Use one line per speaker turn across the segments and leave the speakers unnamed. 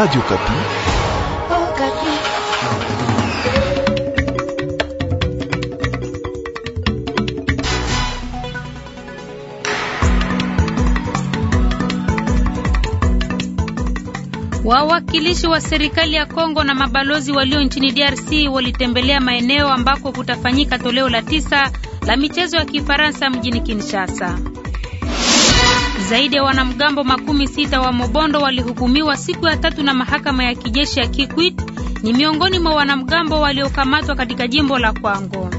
Radio Kapi. Oh,
Kapi. Wawakilishi wa serikali ya Kongo na mabalozi walio nchini DRC walitembelea maeneo ambako kutafanyika toleo la tisa la michezo ya Kifaransa mjini Kinshasa. Zaidi ya wanamgambo makumi sita wa Mobondo walihukumiwa siku ya tatu na mahakama ya kijeshi ya Kikwit. Ni miongoni mwa wanamgambo waliokamatwa katika jimbo la Kwango.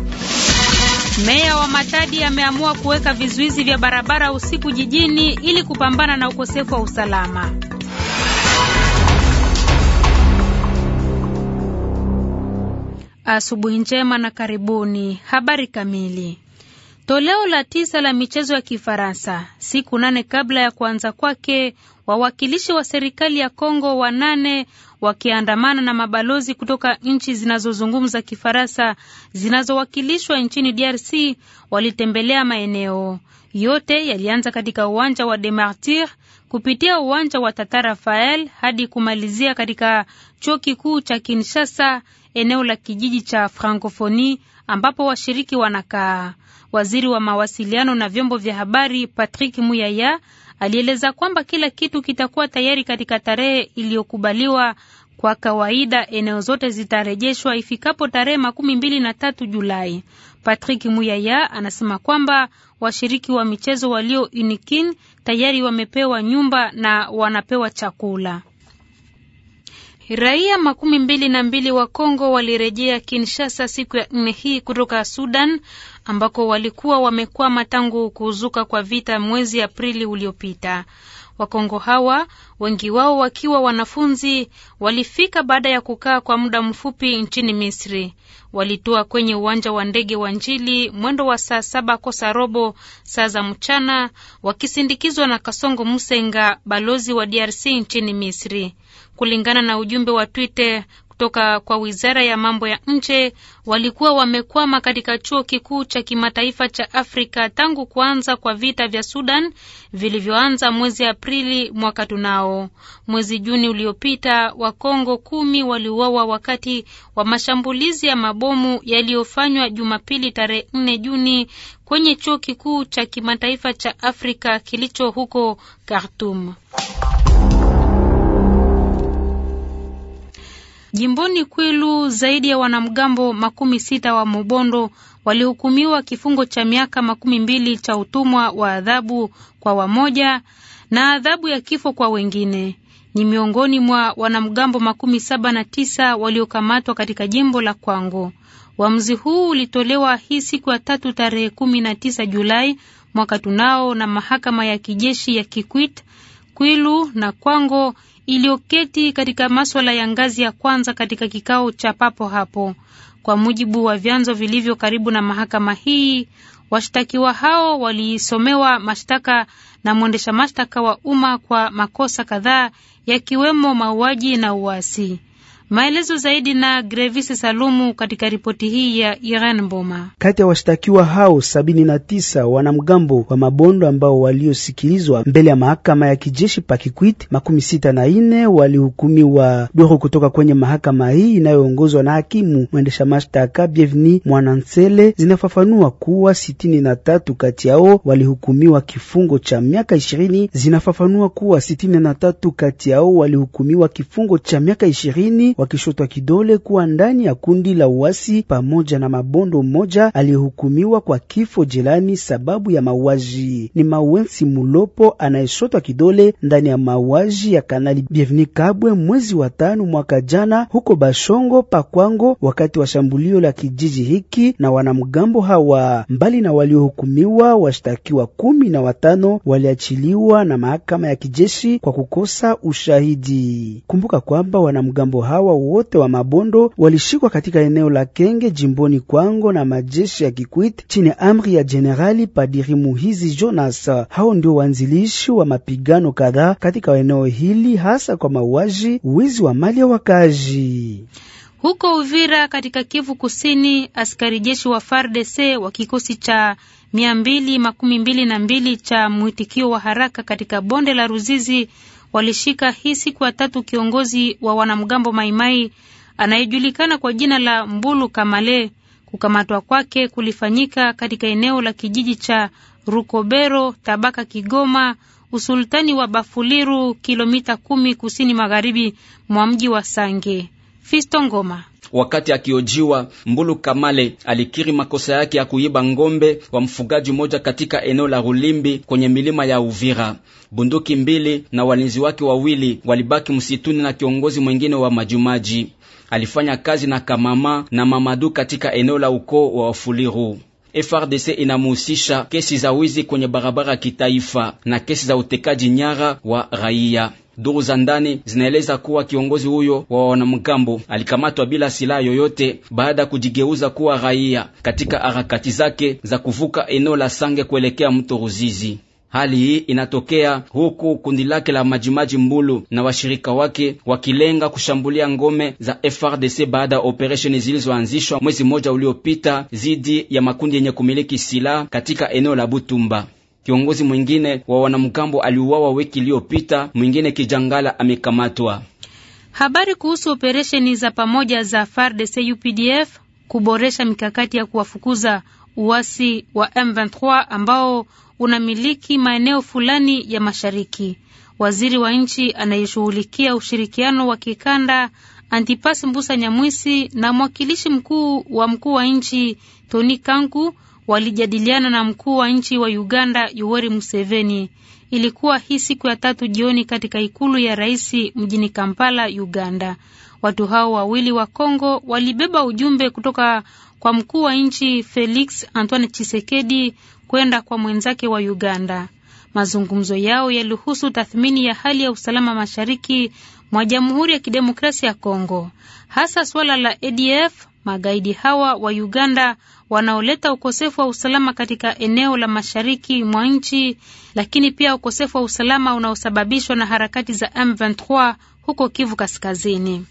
Meya wa Matadi ameamua kuweka vizuizi vya barabara usiku jijini ili kupambana na ukosefu wa usalama. Asubuhi njema na karibuni. Habari kamili. Toleo la tisa la michezo ya Kifaransa. Siku nane kabla ya kuanza kwake, wawakilishi wa serikali ya Kongo wanane wakiandamana na mabalozi kutoka nchi zinazozungumza Kifaransa zinazowakilishwa nchini DRC walitembelea maeneo yote. Yalianza katika uwanja wa demartir kupitia uwanja wa Tata Rafael hadi kumalizia katika chuo kikuu cha Kinshasa, eneo la kijiji cha Francophonie ambapo washiriki wanakaa. Waziri wa mawasiliano na vyombo vya habari Patrick Muyaya alieleza kwamba kila kitu kitakuwa tayari katika tarehe iliyokubaliwa. Kwa kawaida eneo zote zitarejeshwa ifikapo tarehe makumi mbili na tatu Julai. Patrick Muyaya anasema kwamba washiriki wa michezo walio unikin tayari wamepewa nyumba na wanapewa chakula. Raia makumi mbili na mbili wa Kongo walirejea Kinshasa siku ya nne hii kutoka Sudan ambako walikuwa wamekwama tangu kuzuka kwa vita mwezi Aprili uliopita. Wakongo hawa wengi wao wakiwa wanafunzi walifika baada ya kukaa kwa muda mfupi nchini Misri. Walitua kwenye uwanja wa ndege wa Njili mwendo wa saa saba kosa robo saa za mchana, wakisindikizwa na Kasongo Musenga, balozi wa DRC nchini Misri. Kulingana na ujumbe wa Twitter kutoka kwa wizara ya mambo ya nje walikuwa wamekwama katika chuo kikuu cha kimataifa cha Afrika tangu kuanza kwa vita vya Sudan vilivyoanza mwezi Aprili mwaka tunao. Mwezi Juni uliopita, Wakongo kumi waliuawa wakati wa mashambulizi ya mabomu yaliyofanywa Jumapili tarehe 4 Juni kwenye chuo kikuu cha kimataifa cha Afrika kilicho huko Khartoum. Jimboni Kwilu, zaidi ya wanamgambo makumi sita wa Mobondo walihukumiwa kifungo cha miaka makumi mbili cha utumwa wa adhabu kwa wamoja na adhabu ya kifo kwa wengine. Ni miongoni mwa wanamgambo makumi saba na tisa waliokamatwa katika jimbo la Kwango. Uamuzi huu ulitolewa hii siku ya tatu tarehe kumi na tisa Julai mwaka tunao na mahakama ya kijeshi ya Kikwit Kwilu na Kwango iliyoketi katika maswala ya ngazi ya kwanza katika kikao cha papo hapo. Kwa mujibu wa vyanzo vilivyo karibu na mahakama hii, washtakiwa hao walisomewa mashtaka na mwendesha mashtaka wa umma kwa makosa kadhaa yakiwemo mauaji na uasi. Maelezo zaidi na grevis Salumu katika ripoti hii ya Iran Mboma.
Kati ya washtakiwa hao sabini na tisa wanamgambo wa Mabondo ambao waliosikilizwa mbele ya mahakama ya kijeshi Pakikwit, makumi sita na ine walihukumiwa doro kutoka kwenye mahakama hii inayoongozwa na hakimu mwendesha mashtaka bievni Mwanansele. Zinafafanua kuwa sitini na tatu kati yao walihukumiwa kifungo cha miaka ishirini. Zinafafanua kuwa sitini na tatu kati yao walihukumiwa kifungo cha miaka ishirini wakishotwa kidole kuwa ndani ya kundi la uasi pamoja na Mabondo mmoja aliyehukumiwa kwa kifo jelani sababu ya mauaji. Ni Mawensi Mulopo anayeshotwa kidole ndani ya mauaji ya Kanali Bienvenu Kabwe mwezi wa tano mwaka jana huko Bashongo Pakwango, wakati wa shambulio la kijiji hiki na wanamgambo hawa. Mbali na waliohukumiwa, washtakiwa kumi na watano waliachiliwa na mahakama ya kijeshi kwa kukosa ushahidi. Kumbuka kwamba wanamgambo hawa hawa wote wa Mabondo walishikwa katika eneo la Kenge jimboni Kwango na majeshi ya Kikwit chini ya amri ya Jenerali Padiri Muhizi Jonas. Hao ndio wanzilishi wa mapigano kadhaa katika eneo hili, hasa kwa mauaji, wizi wa mali ya wakazi.
Huko Uvira katika Kivu Kusini, askari jeshi wa FARDC wa kikosi cha mia mbili makumi mbili na mbili cha mwitikio wa haraka katika bonde la Ruzizi walishika hii siku ya tatu kiongozi wa wanamgambo Maimai anayejulikana kwa jina la Mbulu Kamale. Kukamatwa kwake kulifanyika katika eneo la kijiji cha Rukobero, tabaka Kigoma, usultani wa Bafuliru, kilomita kumi kusini magharibi mwa mji wa Sange. Fisto Ngoma
Wakati akiojiwa, Mbulu Kamale alikiri makosa yake ya kuiba ngombe wa mfugaji mmoja katika eneo la Rulimbi kwenye milima ya Uvira. Bunduki mbili na walinzi wake wawili walibaki msituni na kiongozi mwingine wa majumaji alifanya kazi na Kamama na Mamadu katika eneo la ukoo wa Wafuliru. FRDC inamuhusisha kesi za wizi kwenye barabara ya kitaifa na kesi za utekaji nyara wa raia. Duru za ndani zinaeleza kuwa kiongozi huyo wa wanamgambo alikamatwa bila silaha yoyote baada ya kujigeuza kuwa raia katika harakati zake za kuvuka eneo la Sange kuelekea mto Ruzizi. Hali hii inatokea huku kundi lake la Majimaji Mbulu na washirika wake wakilenga kushambulia ngome za FRDC baada ya operesheni zilizoanzishwa mwezi mmoja uliopita dhidi ya makundi yenye kumiliki silaha katika eneo la Butumba. Kiongozi mwingine wa wanamgambo aliuawa wiki iliyopita, mwingine Kijangala amekamatwa.
Habari kuhusu operesheni za pamoja za FARDC UPDF kuboresha mikakati ya kuwafukuza uasi wa M23 ambao unamiliki maeneo fulani ya mashariki. Waziri wa nchi anayeshughulikia ushirikiano wa kikanda Antipas Mbusa Nyamwisi na mwakilishi mkuu wa mkuu wa nchi Tony Kanku walijadiliana na mkuu wa nchi wa Uganda Yoweri Museveni. Ilikuwa hii siku ya tatu jioni katika ikulu ya rais mjini Kampala, Uganda. Watu hao wawili wa Kongo walibeba ujumbe kutoka kwa mkuu wa nchi Felix Antoine chisekedi kwenda kwa mwenzake wa Uganda. Mazungumzo yao yalihusu tathmini ya hali ya usalama mashariki mwa Jamhuri ya Kidemokrasia ya Kongo, hasa suala la ADF Magaidi hawa wa Uganda wanaoleta ukosefu wa usalama katika eneo la mashariki mwa nchi, lakini pia ukosefu wa usalama unaosababishwa na harakati za M23 huko Kivu Kaskazini.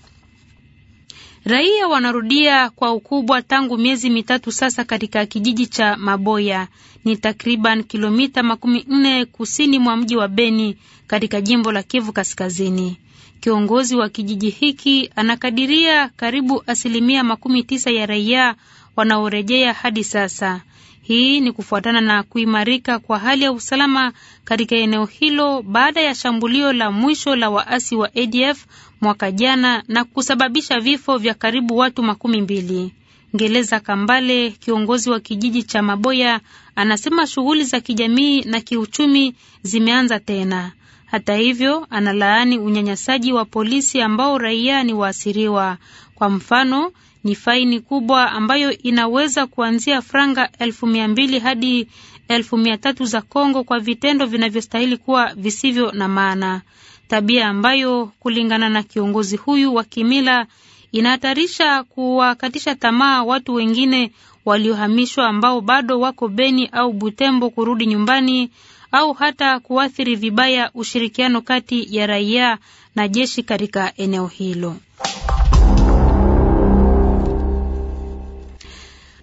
Raia wanarudia kwa ukubwa tangu miezi mitatu sasa katika kijiji cha Maboya, ni takriban kilomita makumi nne kusini mwa mji wa Beni katika jimbo la Kivu Kaskazini. Kiongozi wa kijiji hiki anakadiria karibu asilimia makumi tisa ya raia wanaorejea hadi sasa. Hii ni kufuatana na kuimarika kwa hali ya usalama katika eneo hilo baada ya shambulio la mwisho la waasi wa ADF mwaka jana na kusababisha vifo vya karibu watu makumi mbili. Ngeleza Kambale, kiongozi wa kijiji cha Maboya, anasema shughuli za kijamii na kiuchumi zimeanza tena. Hata hivyo, analaani unyanyasaji wa polisi ambao raia ni waasiriwa. Kwa mfano, ni faini kubwa ambayo inaweza kuanzia franga elfu mia mbili hadi elfu mia tatu za Kongo kwa vitendo vinavyostahili kuwa visivyo na maana, tabia ambayo kulingana na kiongozi huyu wa kimila inahatarisha kuwakatisha tamaa watu wengine waliohamishwa ambao bado wako Beni au Butembo kurudi nyumbani au hata kuathiri vibaya ushirikiano kati ya raia na jeshi katika eneo hilo.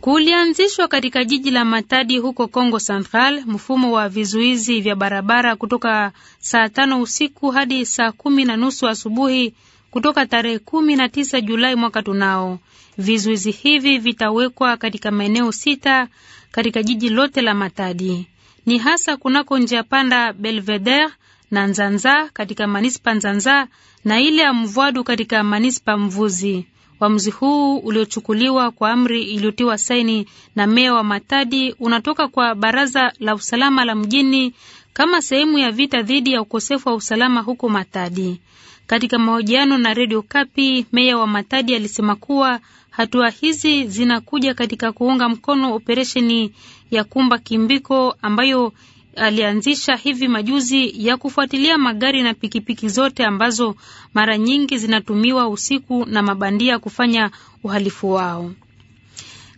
Kulianzishwa katika jiji la Matadi huko congo Central mfumo wa vizuizi vya barabara kutoka saa tano usiku hadi saa kumi na nusu asubuhi kutoka tarehe kumi na tisa Julai mwaka tunao. Vizuizi hivi vitawekwa katika maeneo sita katika jiji lote la Matadi ni hasa kunako njia panda Belvedere na Nzanza katika manispa Nzanza na ile ya Mvwadu katika manispa Mvuzi. Uamuzi huu uliochukuliwa kwa amri iliyotiwa saini na meya wa Matadi unatoka kwa baraza la usalama la mjini kama sehemu ya vita dhidi ya ukosefu wa usalama huko Matadi. Katika mahojiano na redio Kapi, meya wa Matadi alisema kuwa Hatua hizi zinakuja katika kuunga mkono operesheni ya Kumba Kimbiko ambayo alianzisha hivi majuzi ya kufuatilia magari na pikipiki zote ambazo mara nyingi zinatumiwa usiku na mabandia kufanya uhalifu wao.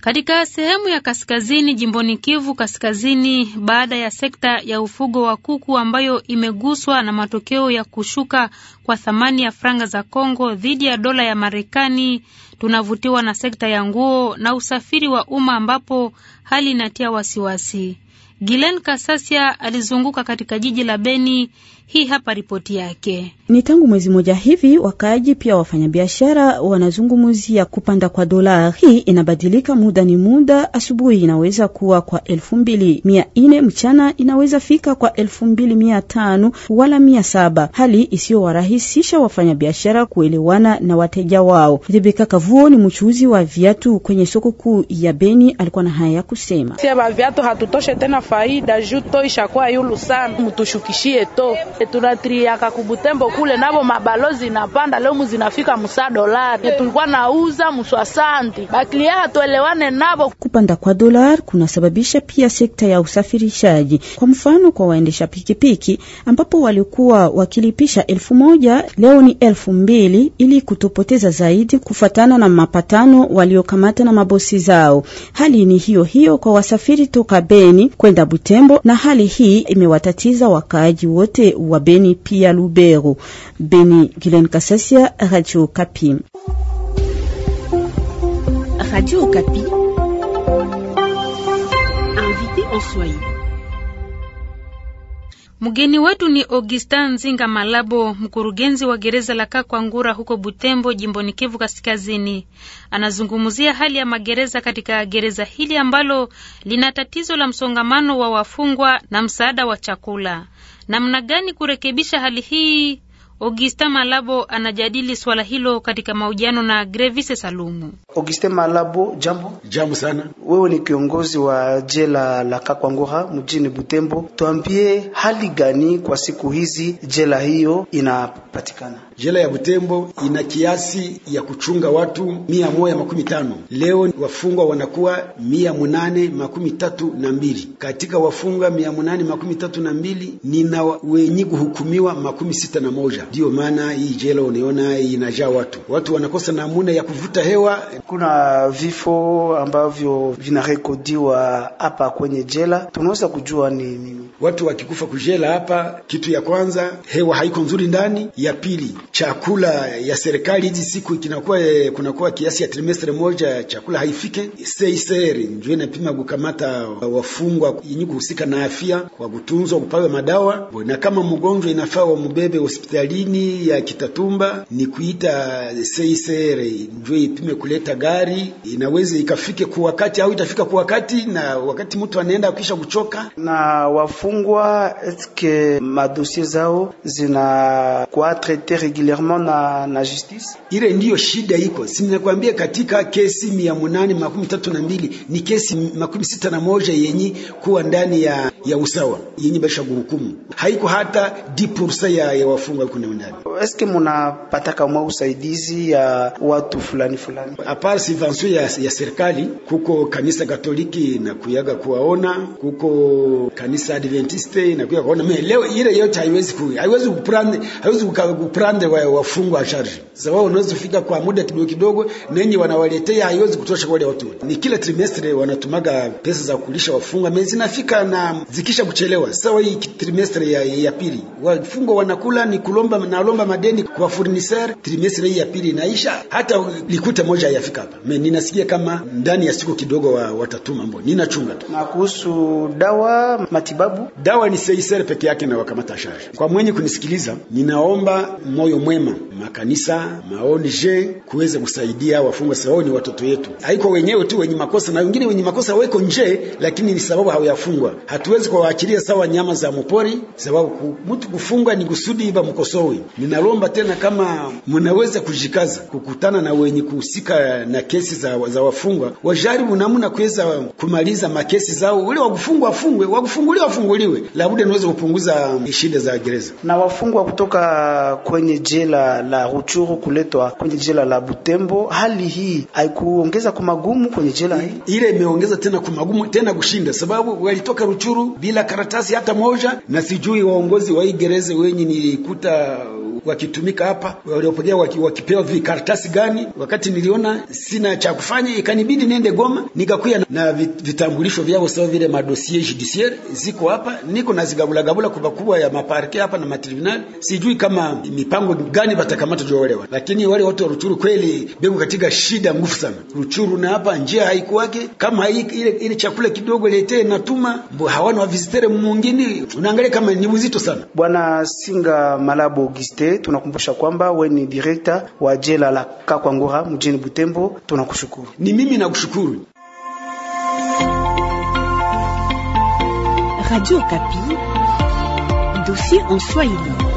Katika sehemu ya kaskazini jimboni Kivu Kaskazini, baada ya sekta ya ufugo wa kuku ambayo imeguswa na matokeo ya kushuka kwa thamani ya franga za Kongo dhidi ya dola ya Marekani, tunavutiwa na sekta ya nguo na usafiri wa umma ambapo hali inatia wasiwasi. Gilen Kasasia alizunguka katika jiji la Beni hii hapa ripoti yake.
Ni tangu mwezi mmoja hivi, wakaaji pia wafanyabiashara wanazungumzia kupanda kwa dola. Hii inabadilika muda ni muda, asubuhi inaweza kuwa kwa elfu mbili mia nne mchana inaweza fika kwa elfu mbili mia tano wala mia saba hali isiyowarahisisha wafanyabiashara kuelewana na wateja wao. Rebeka Kavuo ni mchuuzi wa viatu kwenye soko kuu ya Beni, alikuwa na haya ya kusema:
viatu hatutoshe tena, faida juu ishakuwa yulu sana, to Eh, tunatiriaka kubutembo kule navo mabalozi inapanda leo muzinafika musa dolari eh, tulikuwa nauza muswasanti baklia
hatuelewane navo.
Kupanda kwa dolari kunasababisha pia sekta ya usafirishaji, kwa mfano kwa waendesha pikipiki ambapo walikuwa wakilipisha elfu moja leo ni elfu mbili ili kutopoteza zaidi, kufatana na mapatano waliokamata na mabosi zao. Hali ni hiyo hiyo kwa wasafiri toka Beni kwenda Butembo, na hali hii imewatatiza wakaaji wote wa Beni pia Lubero. Beni, Gilen Kasasia, Radio Kapi. Radio Kapi. Invité en soi.
Mgeni wetu ni Augustin Nzinga Malabo, mkurugenzi wa gereza la Kakwangura huko Butembo, jimboni Kivu Kaskazini. Anazungumzia hali ya magereza katika gereza hili ambalo lina tatizo la msongamano wa wafungwa na msaada wa chakula namna gani kurekebisha hali hii Augustin Malabo anajadili swala hilo katika mahojiano na Grevise Salumu.
Augustin Malabo, jambo. Jambo sana. Wewe ni kiongozi wa jela la Kakwangora mjini Butembo, tuambie hali gani kwa siku hizi jela hiyo inapatikana?
Jela ya Butembo ina kiasi ya kuchunga watu mia moja makumi tano. Leo wafungwa wanakuwa mia munane makumi tatu na mbili. Katika wafungwa mia munane makumi tatu na mbili nina wenye kuhukumiwa makumi sita na moja Ndiyo maana hii jela unaona inajaa watu, watu wanakosa namuna ya kuvuta hewa. Kuna vifo ambavyo vinarekodiwa hapa kwenye jela, tunaweza kujua ni nini watu wakikufa kujela hapa. Kitu ya kwanza hewa haiko nzuri ndani, ya pili chakula ya serikali hizi siku kinakuwa kunakuwa kiasi ya trimestre moja chakula haifike. CICR ndio inapima kukamata wafungwa yenye kuhusika na afya kwa kutunzwa, kupawe madawa na kama mgonjwa inafaa wamubebe hospitali hospitalini ya Kitatumba ni kuita seisere njue ipime kuleta gari, inaweza ikafike kwa wakati au itafika kwa wakati, na wakati mtu anaenda kisha kuchoka. Na
wafungwa eske madosie zao kwa traite regulierement
na, na justice. Ile ndiyo shida iko, si nakwambia, katika kesi mia munane makumi tatu na mbili ni kesi makumi sita na moja yenye kuwa ndani ya, ya usawa yenye basha gurukumu haiko hata 10% ya, ya wafungwa kuna mnani. Eske munapata mwa usaidizi ya watu fulani fulani, apart subvention ya, ya serikali? Kuko kanisa Katoliki na kuyaga kuwaona, kuko kanisa Adventiste na kuyaga kuona. Leo ile yote haiwezi ku haiwezi kuprande haiwezi kuprande wa wafungwa charge, sababu unaweza kufika kwa muda kidogo kidogo, nenyi wanawaletea haiwezi kutosha kwa wale watu. Ni kila trimestre wanatumaga pesa za kulisha wafungwa mezi nafika na zikisha kuchelewa. Sasa hii trimestre ya, ya pili wafungwa wanakula ni kulomba mnalomba madeni kwa furniser, trimestre ya pili inaisha, hata likuta moja yafika hapa. Mimi ninasikia kama ndani ya siku kidogo wa, watatuma mbona, ninachunga tu. Na kuhusu dawa matibabu, dawa ni seiser peke yake na wakamata shari. Kwa mwenye kunisikiliza, ninaomba moyo mwema, makanisa maoni je kuweza kusaidia wafungwa, sababu ni watoto yetu, haiko wenyewe tu wenye makosa, na wengine wenye makosa weko nje, lakini ni sababu hawayafungwa. Hatuwezi kuwaachilia sawa nyama za mpori, sababu mtu kufungwa ni kusudi iba mkoso Sowe. Ninalomba tena kama mnaweza kujikaza kukutana na wenye kuhusika na kesi za, za wafungwa wajaribu namna kuweza kumaliza makesi zao, ule wakufungwa afungwe, wakufunguliwa afunguliwe, labuda niweze kupunguza um, shida za gereza na wafungwa kutoka kwenye jela la Ruchuru kuletwa kwenye jela la Butembo. Hali hii haikuongeza kumagumu kwenye jela hii, ile imeongeza tena kumagumu tena kushinda, sababu walitoka Ruchuru bila karatasi hata moja, na sijui waongozi wa hii gereza wenye nilikuta Uh, wakitumika hapa, waliopokea waki, wakipewa vikaratasi gani? Wakati niliona sina cha kufanya, ikanibidi niende Goma nikakuya na na vitambulisho vyao sawa vile madosie judiciaire ziko hapa, niko gabula kwa kubwa ya maparke hapa na matribunal. Sijui kama mipango gani watakamata juu wale lakini wale watu wa Ruchuru kweli bego katika shida ngufu sana. Ruchuru na hapa njia haikuwake kama ile, ile chakula kidogo lete natuma hawana wa visitere mwingine, unaangalia kama ni mzito sana.
Bwana Singa Malabu Babu Auguste, tunakumbusha kwamba we ni direkta wa jela la Kakwangura mjini Butembo. Tunakushukuru. Ni mimi nakushukuru.
Radio Kapi, dossier en Swahili.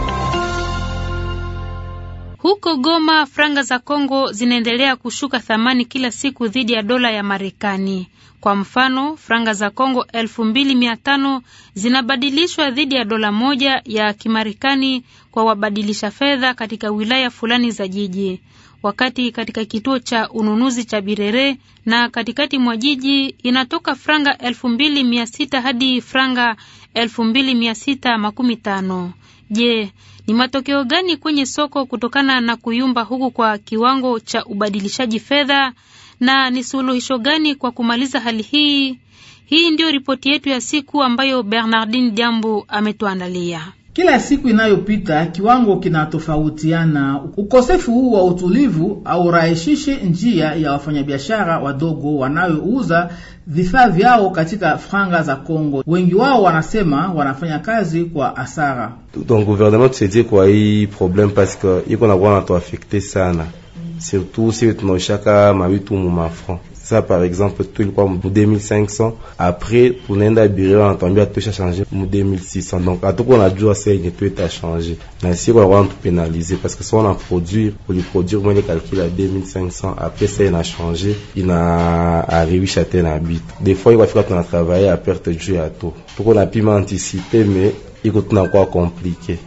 Huko Goma, franga za Kongo zinaendelea kushuka thamani kila siku dhidi ya dola ya Marekani. Kwa mfano, franga za Kongo 25 zinabadilishwa dhidi ya dola moja ya Kimarekani kwa wabadilisha fedha katika wilaya fulani za jiji, wakati katika kituo cha ununuzi cha Birere na katikati mwa jiji inatoka franga 26 hadi franga 2615. mbili Je, ni matokeo gani kwenye soko kutokana na kuyumba huku kwa kiwango cha ubadilishaji fedha na ni suluhisho gani kwa kumaliza hali hii? Hii ndiyo ripoti yetu ya siku ambayo bernardin Jambu ametuandalia.
Kila siku inayopita kiwango kinatofautiana. Ukosefu huu wa utulivu haurahisishe njia ya wafanyabiashara wadogo wanayouza vifaa vyao katika franga za Kongo. Wengi wao wanasema wanafanya kazi kwa hasara. Donc gouvernement tusaidie kwa hii probleme paske iko nakuwa natuafekte sana, surtout si tunaoshaka mawitu mu mafran ça par exemple tout le quoi pour 2500 après pour a tunaenda tout a changé pour 2600 donc à tout a à najua tout a changé mais si a kwa pénalisé parce que si on a produit on les calculs à 2500 après ça a il changer arrivé arrivisha à bit des fois il va falloir travailler à perte à tout pour qu'on a pu m'anticiper mais on a komplike.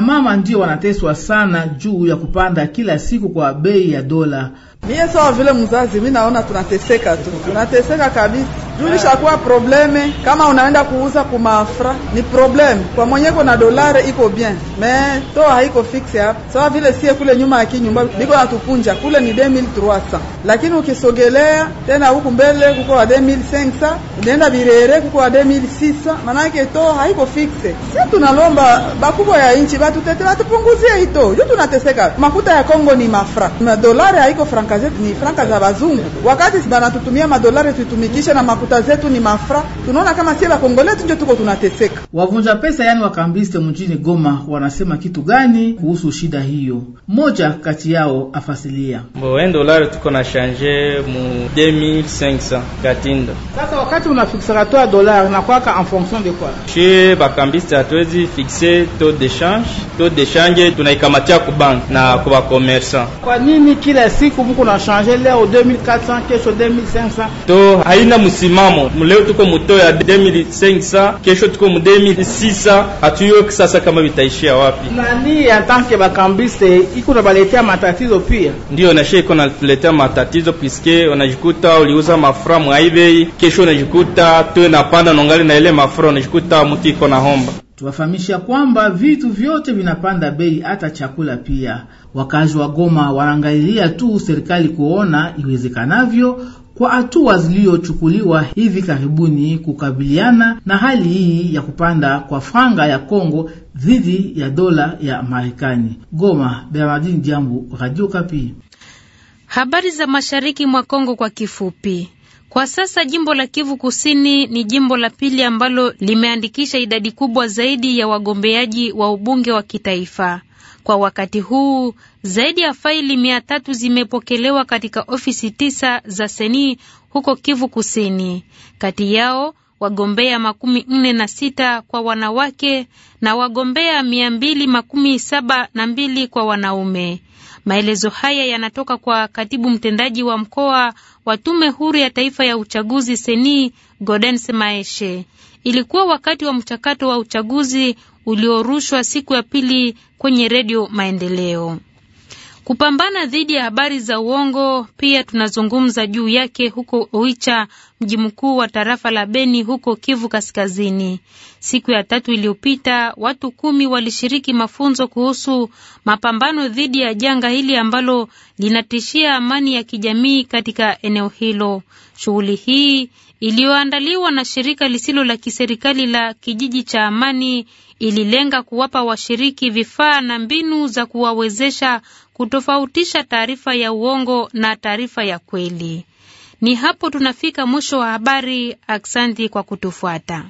mama ndio wanateswa sana juu ya kupanda kila siku kwa bei ya dola. Mie sawa vile mzazi, mi naona tunateseka tu, tunateseka kabisa juu lishakuwa probleme. Kama unaenda kuuza kumafra ni probleme kwa mwenyeko, na dolare iko bien me toa haiko fixe hapa, sawa vile sie kule nyuma ya kinyumba biko natupunja kule ni 2300 lakini ukisogelea tena huku mbele kuko wa 2500 unaenda Birere kuko wa 2600 manake toa haiko fixe. Si tunalomba bakubwa ya inchi batutete batupunguzie ito juu tunateseka. Makuta ya Kongo ni mafra dolare haiko franka franka zetu ni franka za bazungu, wakati banatutumia madolari tuitumikishe na makuta zetu ni mafra. Tunaona kama sie bakongole tu ndio tuko tunateseka. Wavunja pesa yani wakambiste mjini Goma wanasema kitu gani kuhusu shida hiyo? Moja kati yao afasilia
en dolari tuko na shanje mu 2500 katinda.
Sasa wakati unafiksaka toa dolari na kwaka en fonction de quoi?
Che bakambiste atwezi fixe taux de change, taux de change tunaikamatia kubank na kwa commerçant.
Kwa nini kila siku tuko na change leo 2400 kesho 2500,
to haina msimamo. Leo tuko muto ya 2500, kesho tuko mu 2600. hatuyo sasa kama vitaishia wapi.
Nani ya tanke bakambiste iko na baletea matatizo pia,
ndio na sheko na tuletea matatizo piske, unajikuta uliuza mafra mwaibei ebay, kesho unajikuta tu na panda nongali na ile mafra, unajikuta mtu iko na homba
tuwafahamisha kwamba vitu vyote vinapanda bei, hata chakula pia. Wakazi wa Goma wanaangalilia tu serikali kuona iwezekanavyo kwa hatua zilizochukuliwa hivi karibuni kukabiliana na hali hii ya kupanda kwa franga ya Kongo dhidi ya dola ya Marekani. Goma, Bernardin Jambu, Radio Kapi.
Habari za mashariki mwa Kongo kwa kifupi. Kwa sasa jimbo la Kivu Kusini ni jimbo la pili ambalo limeandikisha idadi kubwa zaidi ya wagombeaji wa ubunge wa kitaifa. Kwa wakati huu zaidi ya faili mia tatu zimepokelewa katika ofisi tisa za Seni huko Kivu Kusini. Kati yao wagombea makumi nne na sita kwa wanawake na wagombea mia mbili makumi saba na mbili kwa wanaume. Maelezo haya yanatoka kwa katibu mtendaji wa mkoa wa tume huru ya taifa ya uchaguzi Seni Goden Maeshe. Ilikuwa wakati wa mchakato wa uchaguzi uliorushwa siku ya pili kwenye redio Maendeleo. Kupambana dhidi ya habari za uongo pia tunazungumza juu yake huko Oicha, mji mkuu wa tarafa la Beni huko Kivu Kaskazini. Siku ya tatu iliyopita, watu kumi walishiriki mafunzo kuhusu mapambano dhidi ya janga hili ambalo linatishia amani ya kijamii katika eneo hilo. Shughuli hii iliyoandaliwa na shirika lisilo la kiserikali la kijiji cha Amani ililenga kuwapa washiriki vifaa na mbinu za kuwawezesha kutofautisha taarifa ya uongo na taarifa ya kweli. Ni hapo tunafika mwisho wa habari. Aksanti kwa kutufuata.